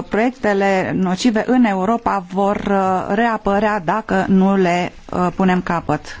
proiectele nocive în Europa vor uh, reapărea dacă nu le uh, punem capăt.